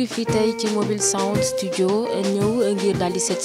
ngi fii tey ci mobile sound studio ñëw ngir daal di seet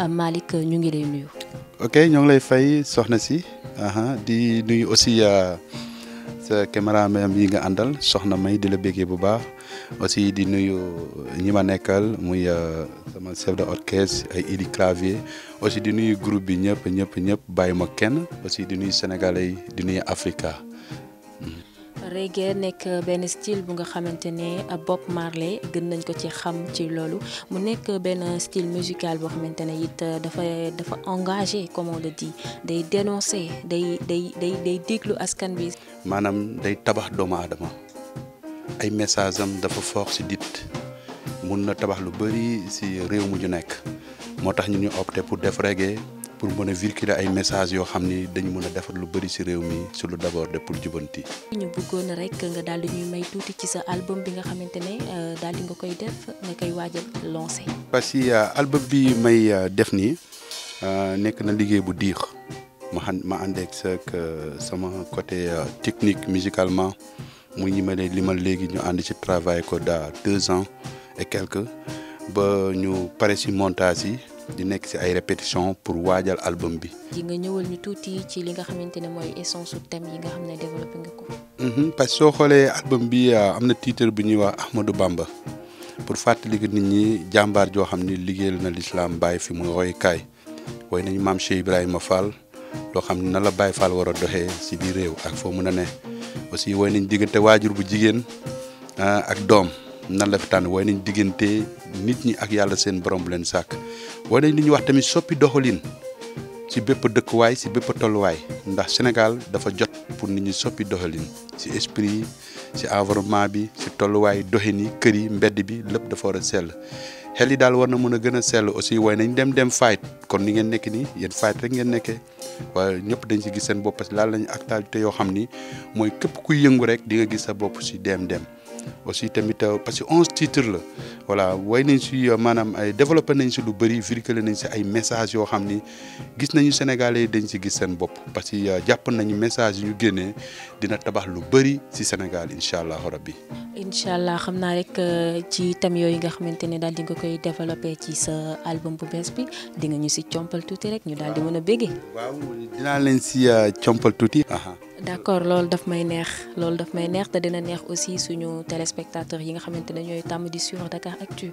Euh, Malik ñu ngi lay nuyu ok ngi lay fay soxna si aha di nuyu aussi sa euh, cameraman yi nga àndal soxna may di la bu baax aussi di nuyu ñi nekkal muy euh, sama chef de orchestre ay Idi Clavier aussi di nuyu groupe bi ñëpp ñëpp ñëpp bàyyi kenn aussi di nuyu sénégalais di nuyu africa reggae nekk benn style bu nga xamante ne Bob Marley gën nañ ko ci xam ci loolu mu nekk benn style musical boo xamante ne it dafa dafa engagé comme on le dit day dénoncer day day day day déglu askan bi. maanaam day tabax doomu aadama ay message am dafa fort si dit mun na tabax lu bëri si réew mu ñu nekk moo tax ñu ñu opté pour def reggae pour mën a véhiculer ay messages yoo xam ni dañ mën a defar lu bëri ci réew mi ci lu d'abord de pour jubanti. ñu bëggoon rek nga dal di ñuy may touti ci sa album bi nga xamantene euh, dal di nga koy def nga koy waaj lancer parce que euh, album bi may euh, def ni nek na liggéey bu diix ma xam ma ànd sama côté technique musicalement mu ñi ma limal légui ñu ànd ci travail ko da 2 ans et quelques ba ñu pare ci montage yi di nekk ci ay répétition pour waajal album bi. di nga ñëwal ñu tuuti ci li nga xamante ne mooy essence su thème yi nga xam ne développé nga ko. Mhm, parce que soo xoolee album bi euh, am na titre bu ñuy wax Ahmadou Bamba pour fàttali nit ñi jàmbaar joo xam ni liggéeyal na l'islam bàyyi fi muy royukaay woy nañu maam Cheikh Ibrahima Fall loo xam ne na la Baye Fall war a doxee ci biir réew ak foo mën a ne aussi woy nañ diggante waajur bu jigéen euh, ak doom. nan la fi tànn way nañ diggante nit ñi ak yàlla seen borom bu leen sàkk way nañ li wax tamit soppi doxalin ci bépp dëkkuwaay si bépp tolluwaay ndax sénégal dafa jot pour nit ñi soppi doxalin si esprit si environnement bi si tolluwaay doxin yi kër yi mbedd bi lépp dafa war a sell xel yi daal war na mën a gën a sell aussi nañ dem dem fight kon ni ngeen nekk nii yéen fight rek ngeen nekkee waaye ñëpp dañ si gis seen bopp parce que laal nañ actualité yoo xam ni mooy képp kuy yëngu rek di nga gis sa bopp si dem dem aussi tamit parce que onze titres la voilà way nañ si euh, manam, ay développé nañ si lu bëri véhiculé nañ si ay messages yoo xam ni gis nañu sénégalais yi dañ si gis seen bopp parce que euh, jàpp nañu message yu dina tabax lu si Sénégal incha allah rabbi. incha allah rek euh, ci thèmes yooyu nga xamante ne daal di nga koy ci sa album bu bees bi di nga ñu rek ñu dal di mën a béggee. waaw dinaa leen si compal Aha. d'accord loolu dafa may neex loolu daf may neex te dina neex aussi suñu téléspectateurs yi nga xamante ne ñooy tàmm di suivre Dakar Actu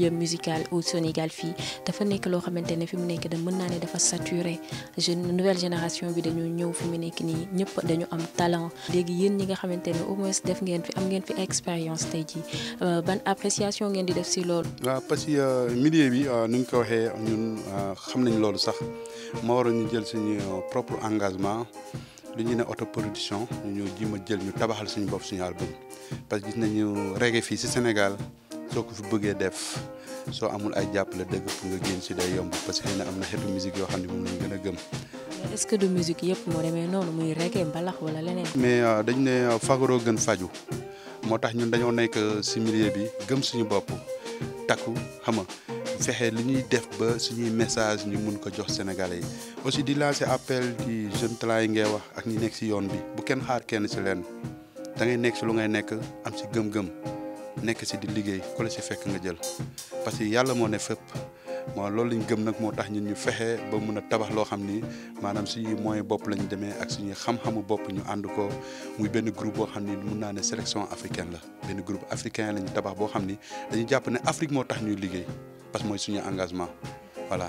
milieu musical au Sénégal fi dafa nek lo xamantene fi mu nek da mën naa dafa saturé jeune nouvelle génération bi dañu ñëw fi mu nek ni ñëpp dañu am talent légui yeen ñi nga xamantene au moins def ngeen fi am ngeen fi expérience tey jii euh, ban appréciation ngeen di def ci lool wa parce que euh, milieu bi ñu euh, ko waxee ñun xamnañ lool sax moo waroon ñu jël suñu propre engagement. li ñu ne autoproduction ñu ñëw ji ma jël ñu tabaxal suñu bopp suñu album parce que gis nañu reggae fi ci Sénégal soo ko fi bëggee def soo amul ay jàppale dëgg pour nga génn si day yomb parce que xëy na am na xeetu musique yoo xam ne moom lañ gën a gëm. est-ce que du musique yëpp moo mais euh, dañ ne euh, fagaroo gën faju moo tax ñun dañoo nekk si millier bi gëm suñu bopp takku xam nga fexe li ñuy def ba suñuy message ñu mun ko jox Sénégalais yi aussi di lancer appel di jeune talent yi ngay wax ak ñu nekk si yoon bi bu kenn xaar kenn si leen da ngay nekk si lu ngay nekk am si gëm-gëm. nekk si di liggéey ku la si fekk nga jël parce que yàlla moo ne fépp moo loolu ñu gëm nag moo tax ñun ñu fexe ba mun a tabax loo xam ni maanaam suñuy moyen bopp lañ demee ak suñuy xam-xamu bopp ñu ànd ko muy benn groupe boo xam ni mun naa ne sélection africain la benn groupe africain lañ tabax boo xam ni dañu jàpp ne Afrique moo tax ñuy liggéey parce que mooy suñu engagement voilà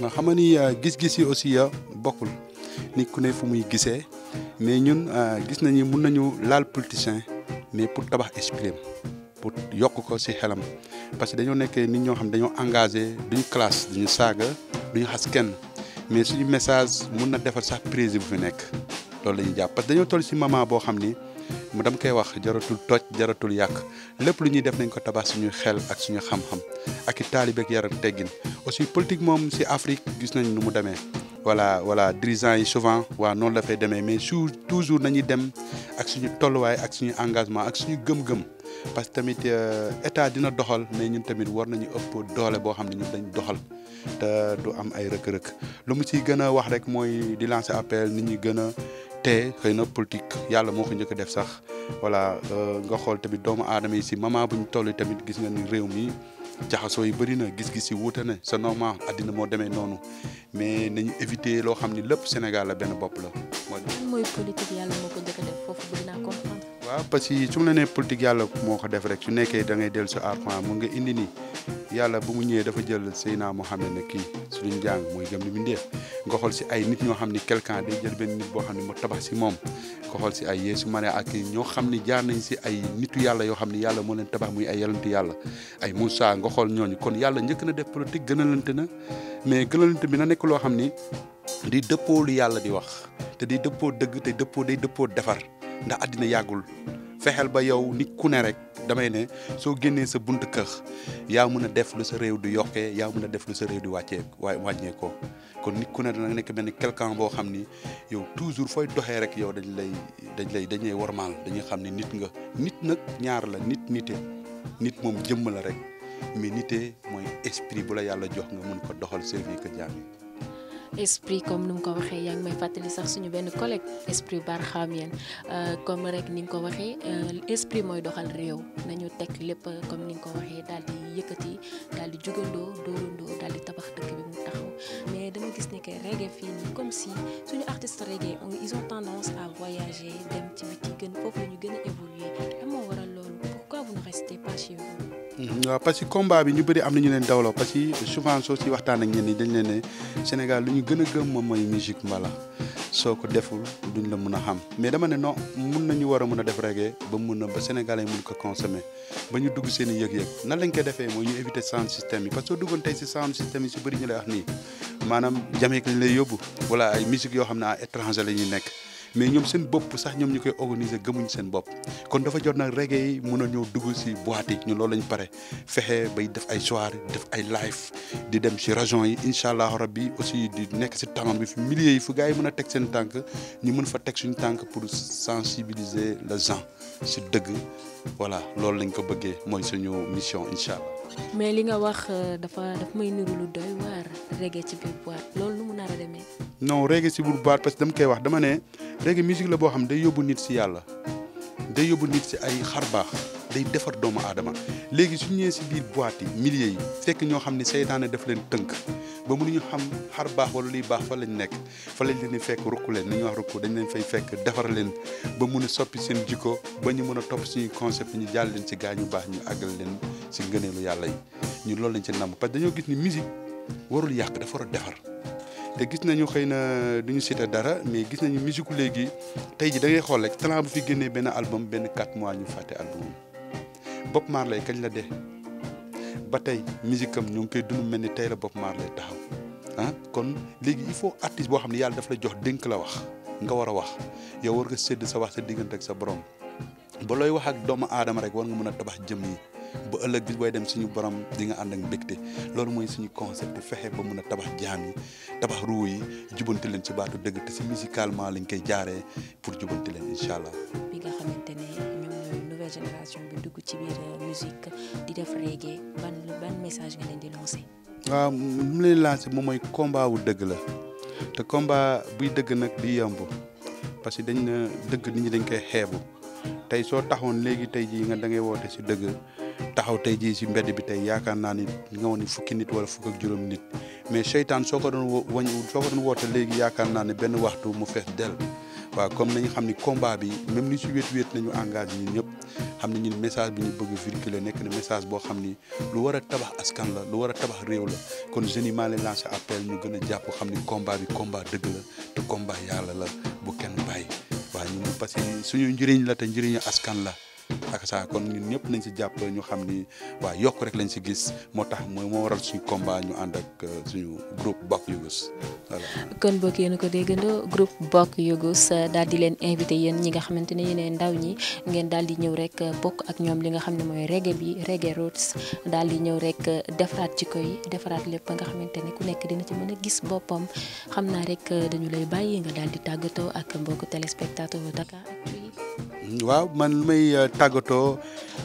nga xamani ni euh, gis-gis yi aussi ya euh, bokul nit ku ne fu muy gisee mais ñun euh, gis nañu mun nañu laal politicien mais pour tabax esprit pour yokk ko si xelam parce que dañoo nekkee nit ñoo xam dañoo engagé duñ classe duñ saaga duñ xas kenn mais suñu message mun na defar sax président bu fi nekk loolu la ñuy jàpp parce que dañoo toll si moment boo xam ni. mu dam koy wax jaratul toj jaratul yàq lépp lu ñuy def nañ ko tabax suñu xel ak suñu xam-xam ak i taalibeeg yar ak teggin aussi politique moom si Afrique gis nañ nu mu demee voilà voilà dirigeants yi souvent waa noonu la fay demee mais su toujours nañuy dem ak suñu tolluwaay ak suñu engagement ak suñu gëm-gëm parce que tamit euh, état dina doxal mais ñun tamit war nañu ëpp doole boo xam ne ñun dañ doxal te du am ay rëkk-rëkk lu mu ciy gën a wax rek mooy di lancer appel nit gën a te xëy na politique yàlla moo ko njëkk def sax voilà euh, nga xool tamit doomu aadama yi si moment bu ñu toll tamit gis nga ni réew mi jaxasoo yi bëri na gis-gis yi wuute na c'est normal àddina moo demee noonu mais nañu éviter loo xam ni lépp Sénégal la benn bopp loo mooy politique yàlla moo ko njëkk def foofu waaw parce que su mu la nee politique yàlla moo ko def rek su nekkee da ngay dellu si armoire mu nga indi nii yàlla bu mu ñëwee dafa jël Seyna Mohamed ne kii suñu jàng mooy gëm ni mu ndeef nga xool si ay nit ñoo xam ni quelqu'un day jël benn nit boo xam ne moo tabax si moom nga xool si ay Yeesu Maria ak ñoo xam ni jaar nañ si ay nitu yàlla yoo xam ni yàlla moo leen tabax muy ay yalantu yàlla ay Moussa nga xool ñooñu kon yàlla njëkk na def politique gënalante na mais gënalante bi na nekk loo xam ni di dëppoo lu yàlla di wax te di dëppoo dëgg te dëppoo day dëppoo defar ndax àddina yàggul fexeel ba yow nit ku ne rek damay ne soo génnee sa bunt kër yaa mën a def lu sa réew di yokkee yaa mën a def lu sa réew di wàccee waaye wàññee ko kon nit ku ne dana nekk benn quelqu'un boo xam ni yow toujours fooy doxee rek yow dañ lay dañ lay dañuy wormaal dañuy xam ne nit nga nit nag ñaar la nit nite nit moom jëmm la rek mais nite mooy esprit bu la yàlla jox nga mën ko doxal servir que jaam yi esprit comme nu ko waxee yang may fatali sax suñu benn collègue esprit barxaamien euh, comme rek ni nga ko waxee euh, esprit moy doxal rew nañu tek lepp comme ni nga ko waxee daal di yëkkati daal di jugandoo dóorandoo daal di tabax dëkk bi mu taxaw mais dama gis ni kay reggae fi comme si suñu artistes reggae ils ont tendance à voyager dem ci biti gën fofu la ñu gën évoluer amo waral vous mm-hmm. waaw parce que combat bi ñu bëri am na ñu leen dawloo parce que souvent soo ci waxtaan ak ñenn ñi dañ leen ne Sénégal lu ñu gën a moom mooy musique mbala soo ko deful duñ la mun a xam mais dama ne non mun nañu war a mun a def reggae ba mun na ba Sénégalais mun ko consommer ba ñu dugg seen i yëg-yëg nan lañ ko defee mooy ñu éviter sound système yi parce que soo duggoon tey si sound système yi si bëri ñu lay wax nii maanaam jameek lañ lay yóbbu wala ay musique yoo xam ne à la ñuy nekk. mais ñom seen bop sax ñom ñukay organiser gëmuñ seen bop kon dafa jot nak reggae mëna ñoo dugg ci boîte ñu loolu lañ paré fexé bay def ay soirée def ay live di dem ci région yi inshallah rabbi aussi di nekk ci tamam bi fi milliers yi fu gars yi mën seen tank ñu mëna fa tek suñu tank pour sensibiliser les gens ci dëgg voilà loolu lañ ko bëggé moy suñu mission inshallah mais li nga wax euh, dafa daf may niru lu doy waar reggae ci bi boîte loolu nu mëna ra démé non reggae si bul baat parce que dama koy wax dama ne reggae musique la boo xam day yóbbu nit si yàlla day yóbbu nit si ay xar baax day defar doomu aadama léegi su ñëwee si biir boîte yi milliers yi fekk ñoo xam ne seytaane daf leen tënk ba ñu xam xar baax wala luy baax fa lañ nekk fa lañ leen di fekk rukk leen ni ñuy wax rukk dañ leen fay fekk defar leen ba mun a soppi seen jikko ba ñu mën a topp suñuy concept ñu jàll leen si gaa ñu baax ñu àggal leen si ngëneelu yàlla ñu loolu lañ ci namm parce dañoo gis ni musique warul yàq dafa war a te gis nañu xëy na du ñu cité dara mais gis nañu musique léegi tey ji da ngay xool rek talent bu fi génnee benn album benn 4 mois ñu fàtte album Bob Marley kañ la de ba tey musique am ñu ngi koy dund mel ni tey la Bob Marley taxaw ah kon léegi il faut artiste boo xam ne yàlla dafa la jox dénk la wax nga war a wax yow war nga sédd sa wax sa diggante ak sa borom ba looy wax ak doomu aadama rek war nga mën a tabax jëm yi ba ëllëg bis booy dem suñu borom di nga ànd ak mbégte loolu mooy suñu concept fexe ba mun a tabax jaam yi tabax ruu yi jubante leen si baatu dëgg te si musicalement lañ koy jaaree pour jubante leen incha allah. bi nga xamante ne ñoom ñooy nouvelle génération bi dugg ci biir euh, musique di def reggae ban ban message nga leen di lancer. waaw mu lay lancer moom mooy combat wu dëgg la te combat buy dëgg nag di yomb parce que dañ na dëgg nit ñi dañ koy xeebu tey soo taxoon léegi tey jii nga da ngay woote si dëgg. taxaw tey jii si mbedd bi tey yaakaar naa ni nga woon ni fukki nit wala fukk ak juróom nit mais seytaan soo ko doon wañ soo ko doon woote léegi yaakaar naa ne benn waxtu mu fees del waaw comme nañu xam ni combat bi même ni si wéet wéet nañu engage ñun ñëpp xam ne message bi ñu bëgg véhiculer nekk na message boo xam ni lu war a tabax askan la lu war a tabax réew la kon jeunes yi maa leen lancé gën a jàpp xam ni combat bi combat dëgg la te combat yàlla la bu kenn bàyyi waaw ñun parce que suñu njëriñ la te njëriñu askan la ak saa kon ñun ñëpp nañ si jàpp ñu xam ni waa rek lañ si gis moo tax mooy moo waral suñu combat ñu ànd ak euh, suñu groupe bokk yugus voilà kon bokk yéen ko déggandoo groupe bokk yugus euh, daal di leen invité yéen ñi nga xamante ne yéen ndaw ñi ngeen daal di ñëw rek euh, bokk ak ñoom li nga xam ne reggae bi reggae roots daal di ñëw rek defaraat ci koy defaraat lépp nga xamante ku nekk dina ci mën gis boppam xam naa rek dañu lay bàyyi nga daal di tàggatoo ak mbokku téléspectateur Dakar Actu waaw man may euh, tàggatoo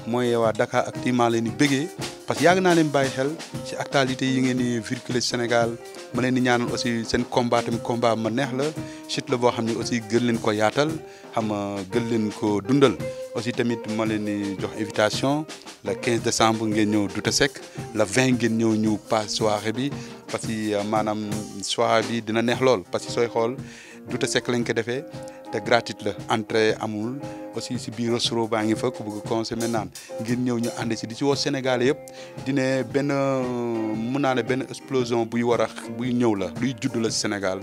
mooy waa Dakar Actu maa leen di bëggee parce que yàgg naa leen bàyyi xel ci actualité yi ngeen di véhiculer Sénégal ma leen di ñaanal aussi seen combat tamit combat ma neex la chute la boo xam ne aussi gën leen ko yaatal xam nga gën leen ko dundal aussi tamit ma leen di jox invitation le 15 décembre ngeen ñëw Douta Seck le 20 ngeen ñëw ñu passe soirée bi parce que euh, maanaam soirée bi dina neex lool parce que sooy xool Douta Seck lañ ko defee te gratuite la entrée amul. aussi si biir restaurant baa ngi fa ko bëgg consommer naan ngir ñëw ñu ànd ci di ci woo Sénégal yëpp dina benn mun naa benn explosion buy war a buy ñëw la luy judd la Sénégal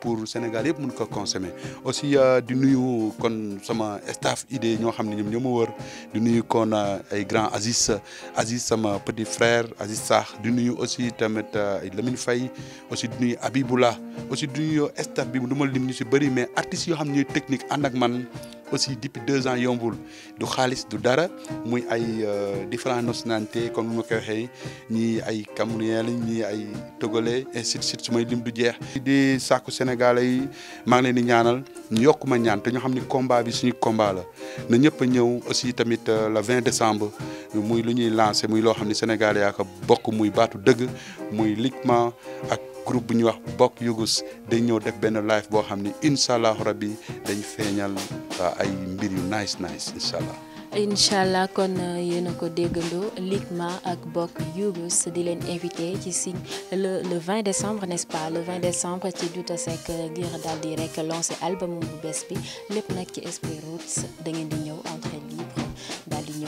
pour Sénégal yëpp mun ko consommer aussi euh, di nuyu kon sama staff idée ñoo xam ne ñoom ñoo ma wër di nuyu kon euh, ay grand Aziz Aziz sama petit frère Aziz Sax di nuyu aussi tamit euh, Lamine Faye aussi di nuyu Abiboula aussi di nuyu staff bi du ma lim ñu si bëri mais artistes yoo xam ne technique ànd ak man aussi depuis deux ans yomboul du xaalis du dara muy ay euh, différents nationalités comme nous ma koy waxee ay camerounais ni ay togolais ainsi de suite su lim du jeex. di sàkku sénégalais yi maa ngi leen di ñaanal ñu yokk ma ñaan te ñu xamni combat bi suñu combat la na ñëpp a ñëw aussi tamit euh, le 20 décembre muy lu ñuy lancé muy lo xamni ni sénégalais yaa ko bokk muy batu deug muy lignement ak groupe bu ñuy wax bok yugus dañ ñëw def benn live boo xam ne incha allah dañ feeñal euh, ay mbir yu nice nice Inshallah. Inshallah, kon euh, yéen a ko déggandoo Ligma ak Bokk yugus di leen invité ci signe le le 20 décembre n'est-ce pas le 20 décembre ci Douta Seck euh, ngir daal di rek lancer album bu bees bi lépp nag ci Esprit Roots da ngeen di ñëw entre.